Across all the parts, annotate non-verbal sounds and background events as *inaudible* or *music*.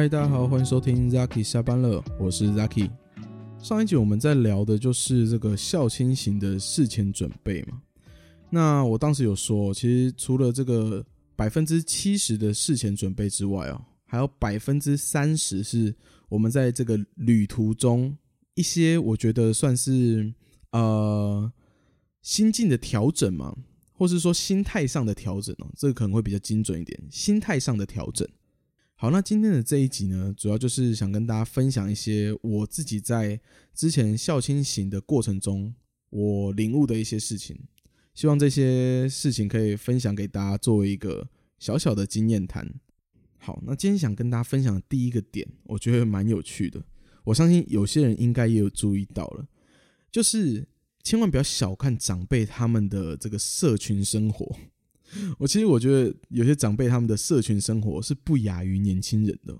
嗨，Hi, 大家好，歡迎收聽 Zaki 下班了，我是 Zaki。上一集我們在聊的就是這個孝親行的事前準備嘛。那我當時有說，其實除了這個百分之七十的事前準備之外啊、哦，還有百分之三十是我們在這個旅途中一些我覺得算是呃心境的調整嘛，或是說心態上的調整哦，這個可能會比較精準一點，心態上的調整。好，那今天的這一集呢，主要就是想跟大家分享一些我自己在之前孝親行的過程中我領悟的一些事情，希望這些事情可以分享給大家作為一個小小的經驗談。好，那今天想跟大家分享的第一個點，我覺得蠻有趣的，我相信有些人應該也有注意到了，就是千萬不要小看長輩他們的這個社群生活。我其實我覺得有些長輩他們的社群生活是不亞於年輕人的。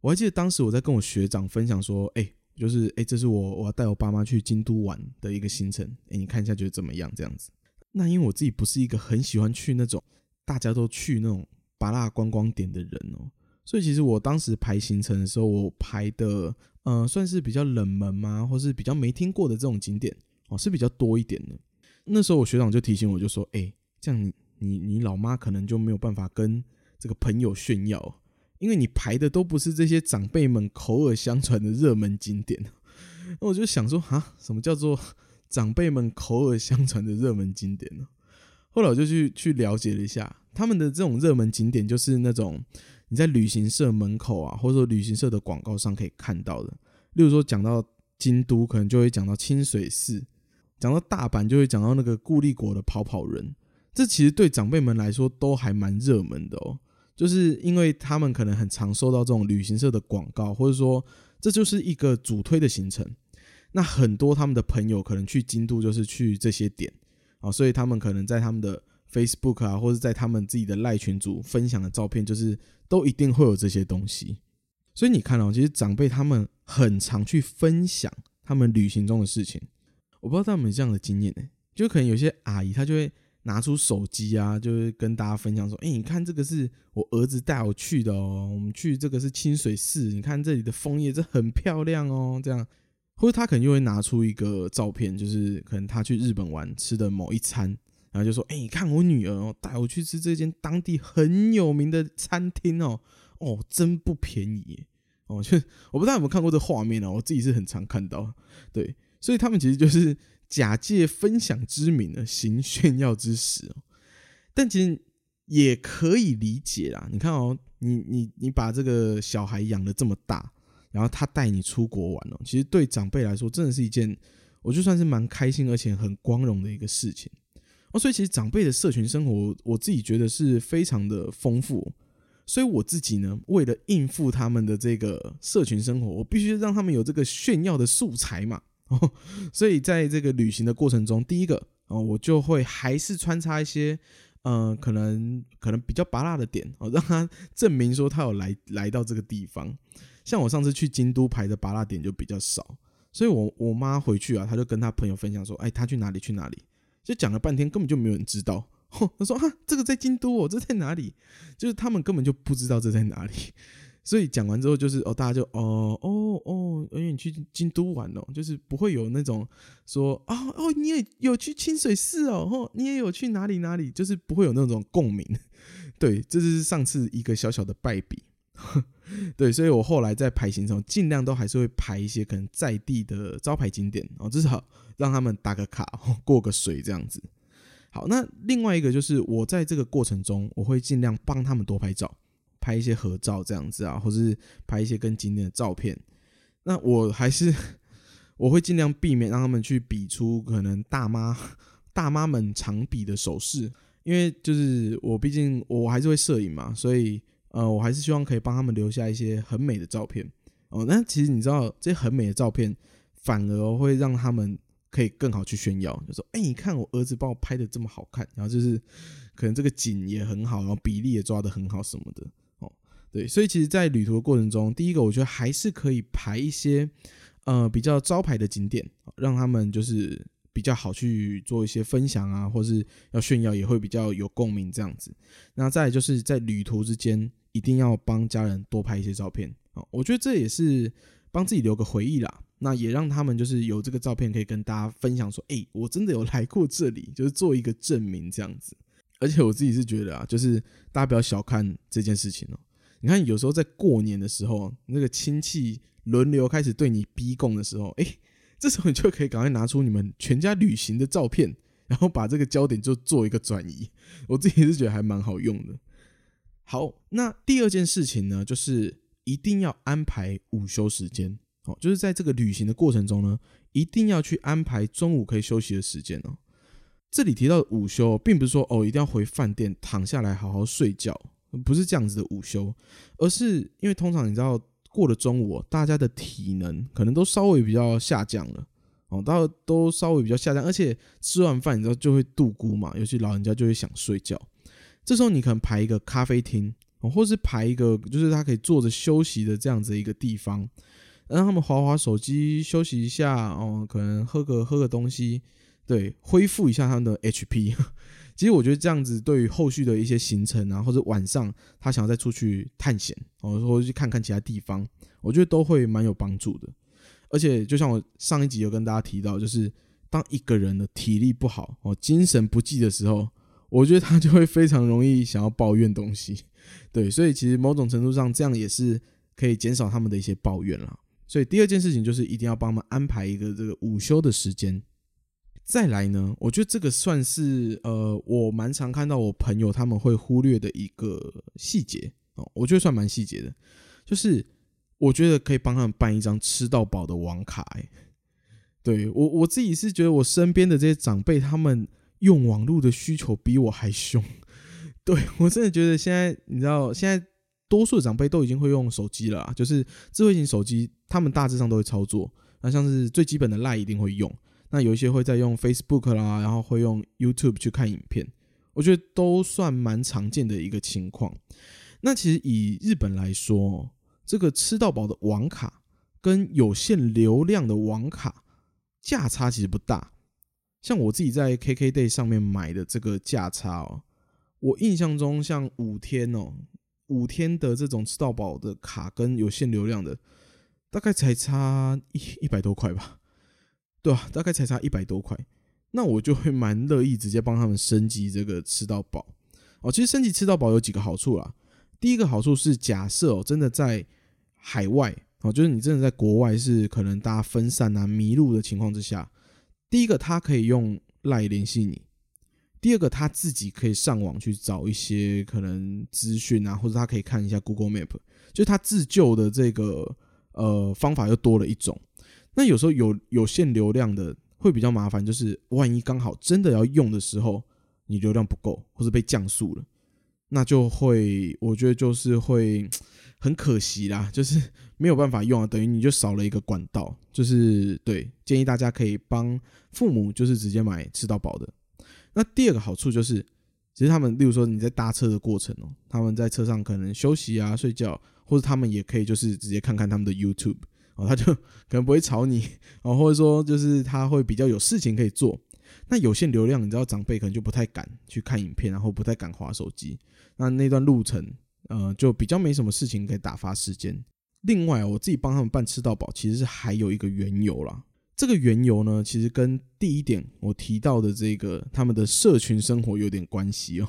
我還記得當時我在跟我學長分享說，誒，就是誒、欸，這是我我要帶我爸媽去京都玩的一個行程，誒，你看一下覺得怎麼樣？這樣子。那因為我自己不是一個很喜歡去那種大家都去那種芭樂觀光點的人哦、喔，所以其實我當時排行程的時候，我排的嗯、呃，算是比較冷門嘛，或是比較沒聽過的這種景點哦、喔，是比較多一點的。那時候我學長就提醒我，就說，誒，這樣。你你老媽可能就沒有辦法跟這個朋友炫耀，因為你排的都不是這些長輩們口耳相傳的熱門景點。那我就想說，哈，什麼叫做長輩們口耳相傳的熱門景點呢？後來我就去去了解了一下，他們的這種熱門景點就是那種你在旅行社門口啊，或者說旅行社的廣告上可以看到的。例如說，講到京都，可能就會講到清水寺；講到大阪，就會講到那個固力果的跑跑人。這其實對長輩們來說都還蠻熱門的哦，就是因為他們可能很常收到這種旅行社的廣告，或者說這就是一個主推的行程。那很多他們的朋友可能去京都就是去這些點啊、哦，所以他們可能在他們的 Facebook 啊，或者在他們自己的賴群組分享的照片，就是都一定會有這些東西。所以你看到、哦，其實長輩他們很常去分享他們旅行中的事情。我不知道他們有這樣的經驗呢、欸，就可能有些阿姨她就會。拿出手機啊，就是跟大家分享說：“哎，你看這個是我兒子帶我去的哦，我們去這個是清水寺，你看這裡的楓葉這很漂亮哦。”這樣，或者他可能就會拿出一個照片，就是可能他去日本玩吃的某一餐，然後就說：“哎，你看我女兒哦，帶我去吃這間當地很有名的餐廳哦，哦，真不便宜哦。哦”就我不知道有沒有看過這畫面哦，我自己是很常看到。對，所以他們其實就是。假借分享之名的行炫耀之實哦，但其實也可以理解啦。你看哦、喔，你你你把這個小孩養得這麼大，然後他帶你出國玩哦，其實對長輩來說，真的是一件我就算是蠻開心而且很光榮的一個事情哦。所以其實長輩的社群生活，我自己覺得是非常的豐富。所以我自己呢，為了應付他們的這個社群生活，我必須讓他們有這個炫耀的素材嘛。 *laughs* 所以在這個旅行的過程中，第一個我就會還是穿插一些，嗯、呃，可能可能比較芭樂的點，讓他證明說他有來來到這個地方。像我上次去京都排的芭樂點就比較少，所以我我媽回去啊，她就跟她朋友分享說，哎、欸，她去哪裡去哪裡，就講了半天，根本就沒有人知道。她說啊，這個在京都哦，這在哪裡？就是他們根本就不知道這在哪裡。所以講完之後，就是哦，大家就哦哦、呃、哦，因、哦、為你去京都玩哦，就是不會有那種說哦哦，你也有去清水寺哦，哦，你也有去哪裡哪裡，就是不會有那種共鳴。對，這、就是上次一個小小的敗筆。對，所以我後來在排行程中盡量都還是會排一些可能在地的招牌景點哦，至少讓他們打個卡，過個水這樣子。好，那另外一個就是我在這個過程中，我會盡量幫他們多拍照。拍一些合照這樣子啊，或是拍一些跟景點的照片。那我還是我會盡量避免讓他們去比出可能大媽大媽們常比的手勢，因為就是我畢竟我還是會攝影嘛，所以呃我還是希望可以幫他們留下一些很美的照片哦。那其實你知道，這些很美的照片反而會讓他們可以更好去炫耀，就是說，哎、欸、你看我兒子幫我拍的這麼好看，然後就是可能這個景也很好，然後比例也抓得很好什麼的。對，所以其實，在旅途的過程中，第一個，我覺得還是可以排一些，呃，比較招牌的景點，讓他們就是比較好去做一些分享啊，或是要炫耀，也會比較有共鳴這樣子。那再來就是，在旅途之間，一定要幫家人多拍一些照片。我覺得這也是幫自己留個回憶啦。那也讓他們就是有這個照片可以跟大家分享，說：“欸，我真的有來過這裡，就是做一個證明這樣子。”而且我自己是覺得啊，就是大家不要小看這件事情喔。你看，有時候在過年的時候，那個親戚輪流開始對你逼供的時候，哎、欸，這時候你就可以趕快拿出你們全家旅行的照片，然後把這個焦點就做一個轉移。我自己是覺得還蠻好用的。好，那第二件事情呢，就是一定要安排午休時間，好，就是在這個旅行的過程中呢，一定要去安排中午可以休息的時間哦。這裡提到的午休，並不是說哦，一定要回飯店躺下來好好睡覺。不是這樣子的午休，而是因為通常你知道過了中午，哦，大家的體能可能都稍微比較下降了，哦，到都稍微比較下降，而且吃完飯你知道就會度孤嘛，尤其老人家就會想睡覺。這時候你可能排一個咖啡廳，哦，或是排一個就是他可以坐着休息的這樣子一個地方，讓他們滑滑手機休息一下，哦，可能喝個喝個東西，對，恢復一下他們的 HP。其實我覺得這樣子對於後續的一些行程，啊，或者晚上他想要再出去探險，哦，或者去看看其他地方，我覺得都會蠻有幫助的。而且就像我上一集有跟大家提到，就是當一個人的體力不好，哦，精神不濟的時候，我覺得他就會非常容易想要抱怨東西。對，所以其實某種程度上這樣也是可以減少他們的一些抱怨啦，所以第二件事情就是一定要幫他們安排一個這個午休的時間。再來呢，我覺得這個算是呃，我蠻常看到我朋友他們會忽略的一個細節、哦、我覺得算蠻細節的，就是我覺得可以幫他們辦一張吃到飽的網卡、欸。對我我自己是覺得我身邊的這些長輩他們用網絡的需求比我還凶，對我真的覺得現在你知道，現在多數的長輩都已經會用手機了啦，就是智慧型手機他們大致上都會操作，那像是最基本的 LINE 一定會用。那有一些會在用 Facebook 啦，然後會用 YouTube 去看影片，我覺得都算蠻常見的一個情況。那其實以日本來說，這個吃到飽的網卡跟有限流量的網卡價差其實不大。像我自己在 KKday 上面買的這個價差哦，我印象中像五天哦，五天的這種吃到飽的卡跟有限流量的，大概才差一一百多塊吧。對啊，大概才差一百多塊，那我就會蠻樂意直接幫他們升級這個吃到飽哦。其實升級吃到飽有幾個好處啦。第一個好處是，假設哦，真的在海外哦，就是你真的在國外是可能大家分散啊、迷路的情況之下，第一個他可以用賴聯繫你；第二個他自己可以上網去找一些可能資訊啊，或者他可以看一下 Google Map，就是他自救的這個呃方法又多了一種。那有時候有有限流量的會比較麻煩，就是萬一剛好真的要用的時候，你流量不夠或是被降速了，那就會我覺得就是會很可惜啦，就是沒有辦法用啊，等於你就少了一個管道。就是對，建議大家可以幫父母，就是直接買吃到飽的。那第二個好處就是，其實他們例如說你在搭車的過程哦，他們在車上可能休息啊、睡覺，或者他們也可以就是直接看看他們的 YouTube。哦，他就可能不會吵你，哦，或者說就是他會比較有事情可以做。那有限流量，你知道，長輩可能就不太敢去看影片，然後不太敢滑手機。那那段路程，呃，就比較沒什麼事情可以打發時間。另外，哦，我自己幫他們辦吃到飽，其實是還有一個緣由啦。這個緣由呢，其實跟第一點我提到的這個他們的社群生活有點關係哦。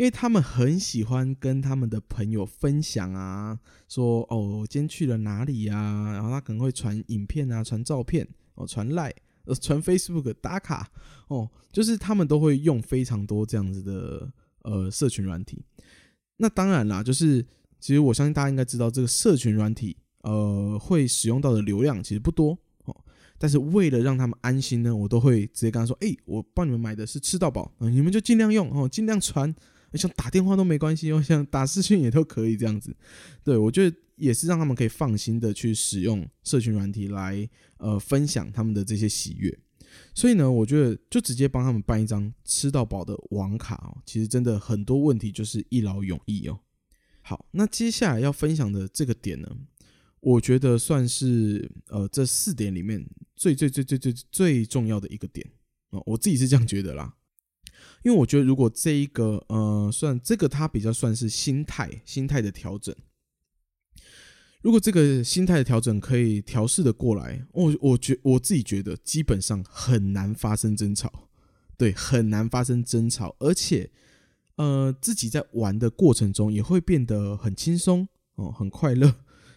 因為他們很喜歡跟他們的朋友分享啊，說哦，我今天去了哪裡啊，然後他可能會傳影片啊，傳照片哦，傳賴呃，傳 Facebook 打卡哦，就是他們都會用非常多這樣子的呃社群軟體。那當然啦，就是其實我相信大家應該知道，這個社群軟體呃會使用到的流量其實不多哦，但是為了讓他們安心呢，我都會直接跟他說，哎、欸，我幫你們買的是吃到飽、呃，你們就盡量用哦，盡量傳。像打電話都沒關係哦，像打視訊也都可以這樣子。對，我覺得也是讓他們可以放心的去使用社群軟體來呃分享他們的這些喜悅。所以呢，我覺得就直接幫他們辦一張吃到飽的網卡哦。其實真的很多問題就是一勞永逸哦。好，那接下來要分享的這個點呢，我覺得算是呃這四點裡面最最最最最最最最重要的一個點。呃，我自己是這樣覺得啦。因為我覺得，如果這一個，呃，算這個它比較算是心態、心態的調整。如果這個心態的調整可以調試的過來，我我覺我自己覺得，基本上很難發生爭吵，對，很難發生爭吵。而且，呃，自己在玩的過程中也會變得很輕鬆，哦、呃，很快樂，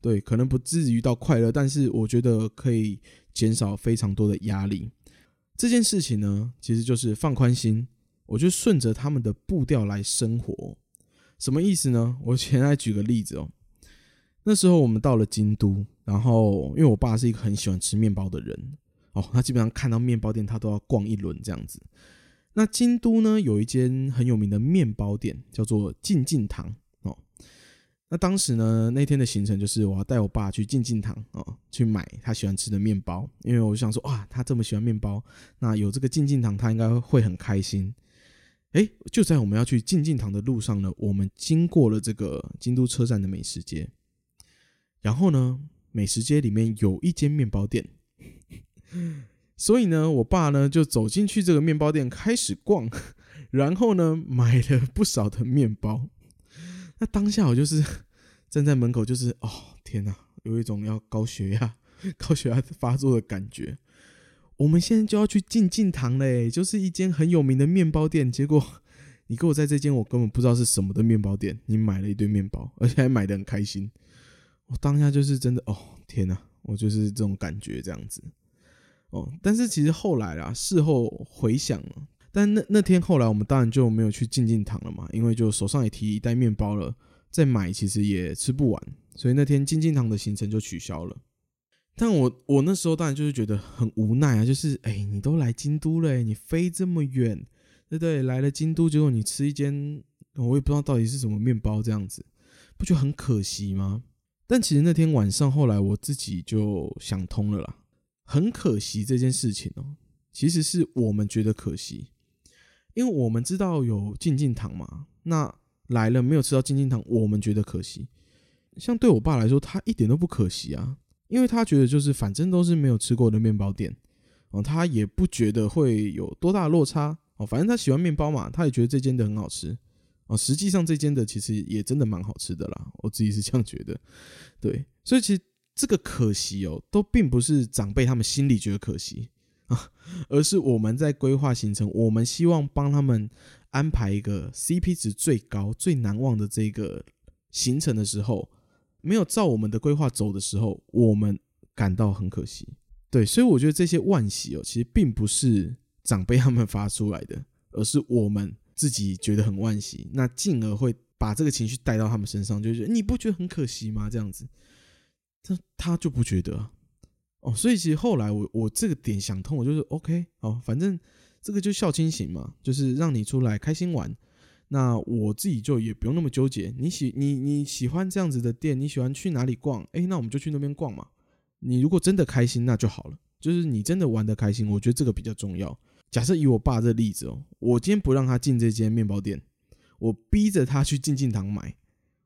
對，可能不至於到快樂，但是我覺得可以減少非常多的壓力。這件事情呢，其實就是放寬心。我就順着他們的步調來生活，什麼意思呢？我先來舉個例子哦。那時候我們到了京都，然後因為我爸是一個很喜歡吃麵包的人哦，他基本上看到麵包店他都要逛一輪這樣子。那京都呢，有一間很有名的麵包店叫做進進堂哦。那當時呢，那天的行程就是我要帶我爸去進進堂哦，去買他喜歡吃的麵包，因為我想說啊，他這麼喜歡麵包，那有這個進進堂，他應該會很開心。哎、欸，就在我們要去進進堂的路上呢，我們經過了這個京都車站的美食街，然後呢，美食街裡面有一間麵包店， *laughs* 所以呢，我爸呢就走進去這個麵包店開始逛，然後呢，買了不少的麵包。 *laughs* 那當下我就是站在門口，就是哦天哪、啊，有一種要高血壓、啊、高血壓、啊、發作的感覺。我們現在就要去靜靜堂嘞，就是一間很有名的麵包店。結果你給我在這間我根本不知道是什麼的麵包店，你買了一堆麵包，而且還買得很開心。我當下就是真的，哦，天啊，我就是這種感覺這樣子。哦，但是其實後來啦，事後回想了，但那那天後來我們當然就沒有去靜靜堂了嘛，因為就手上也提一袋麵包了，再買其實也吃不完，所以那天靜靜堂的行程就取消了。但我我那時候當然就是覺得很無奈啊，就是哎、欸，你都來京都了，欸，你飛這麼遠，對不對？來了京都，結果你吃一間，我也不知道到底是什麼麵包，這樣子，不覺得很可惜嗎？但其實那天晚上，後來我自己就想通了啦。很可惜這件事情哦、喔，其實是我們覺得可惜，因為我們知道有進進堂嘛，那來了沒有吃到進進堂，我們覺得可惜。像對我爸來說，他一點都不可惜啊。因為他覺得就是反正都是沒有吃過的麵包店，哦，他也不覺得會有多大的落差，哦，反正他喜歡麵包嘛，他也覺得這間的很好吃啊，哦。實際上這間的其實也真的蠻好吃的啦，我自己是這樣覺得。對，所以其實這個可惜哦，都並不是長輩他們心裡覺得可惜啊，而是我們在規劃行程，我們希望幫他們安排一個 CP 值最高、最難忘的這個行程的時候。沒有照我們的規劃走的時候，我們感到很可惜，對，所以我覺得這些惋惜哦，其實並不是長輩他們發出來的，而是我們自己覺得很惋惜，那進而會把這個情緒帶到他們身上，就是你不覺得很可惜嗎？這樣子，他就不覺得哦，所以其實後來我我這個點想通，我就是 OK 哦，反正這個就孝親行嘛，就是讓你出來開心玩。那我自己就也不用那麼糾結你。你喜你你喜歡這樣子的店，你喜歡去哪裡逛？哎、欸，那我們就去那邊逛嘛。你如果真的開心，那就好了。就是你真的玩得開心，我覺得這個比較重要。假設以我爸這例子哦、喔，我今天不讓他進這間麵包店，我逼着他去進進堂買，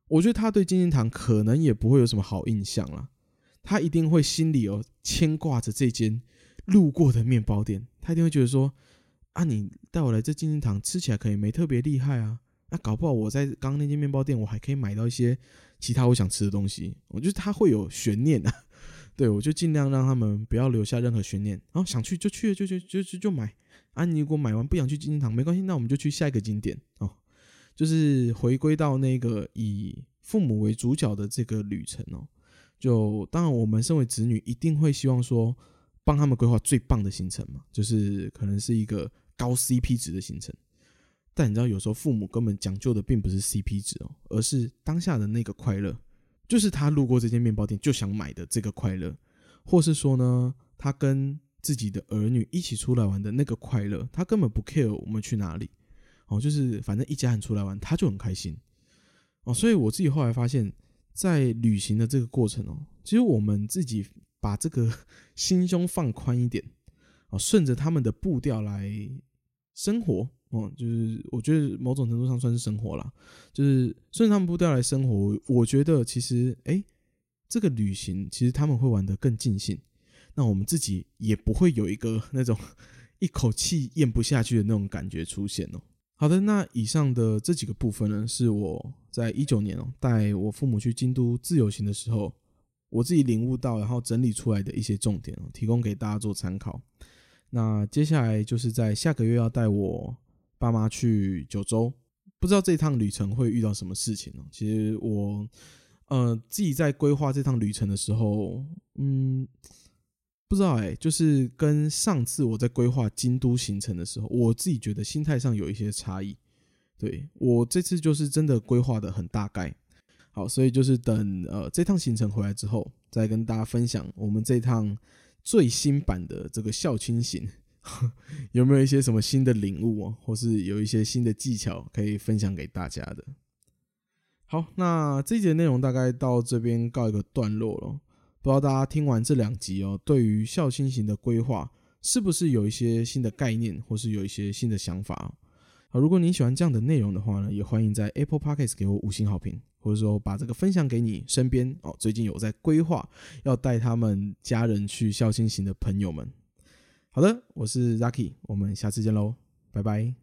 我覺得他對進進堂可能也不會有什麼好印象了。他一定會心裡哦牽掛着這間路過的麵包店，他一定會覺得說。那、啊、你帶我來這金津堂吃起來可以沒特別厲害啊？那搞不好我在剛剛那間麵包店，我還可以買到一些其他我想吃的東西。我就是他會有懸念啊，對，我就盡量讓他們不要留下任何懸念。然、哦、後想去就去，就去，就去，就買。啊，你如果買完不想去金津堂沒關係，那我們就去下一個景點哦。就是回歸到那個以父母為主角的這個旅程哦。就當然我們身為子女，一定會希望說幫他們規劃最棒的行程嘛，就是可能是一個。高 CP 值的行程，但你知道，有時候父母根本講究的並不是 CP 值哦，而是當下的那個快樂，就是他路過這間麵包店就想買的這個快樂，或是說呢，他跟自己的兒女一起出來玩的那個快樂，他根本不 care 我們去哪裡哦，就是反正一家人出來玩他就很開心哦。所以我自己後來發現，在旅行的這個過程哦，其實我們自己把這個心胸放寬一點哦，順着他們的步調來。生活，嗯，就是我覺得某種程度上算是生活啦。就是順着他們步調來生活。我覺得其實，欸，這個旅行其實他們會玩得更盡興，那我們自己也不會有一個那種一口氣嚥不下去的那種感覺出現哦。好的，那以上的這幾個部分呢，是我在一九年哦，帶我父母去京都自由行的時候，我自己領悟到，然後整理出來的一些重點哦，提供給大家做參考。那接下來就是在下個月要帶我爸媽去九州，不知道這趟旅程會遇到什麼事情呢？其實我，呃，自己在規劃這趟旅程的時候，嗯，不知道哎、欸，就是跟上次我在規劃京都行程的時候，我自己覺得心態上有一些差異。對，我這次就是真的規劃得很大概，好，所以就是等呃這趟行程回來之後，再跟大家分享我們這趟，最新版的這個孝親行， *laughs* 有沒有一些什麼新的領悟哦，啊，或是有一些新的技巧可以分享給大家的。好，那這一節內容大概到這邊告一個段落咯，不知道大家聽完這兩集哦，對於孝親行的規劃是不是有一些新的概念，或是有一些新的想法？好，如果你喜歡這樣的內容的話呢，也歡迎在 Apple Podcast 給我五星好評。或者說把這個分享給你身邊哦，最近有在規劃要帶他們家人去孝心行的朋友們，好的，我是 Zaki，我們下次見嘍，拜拜。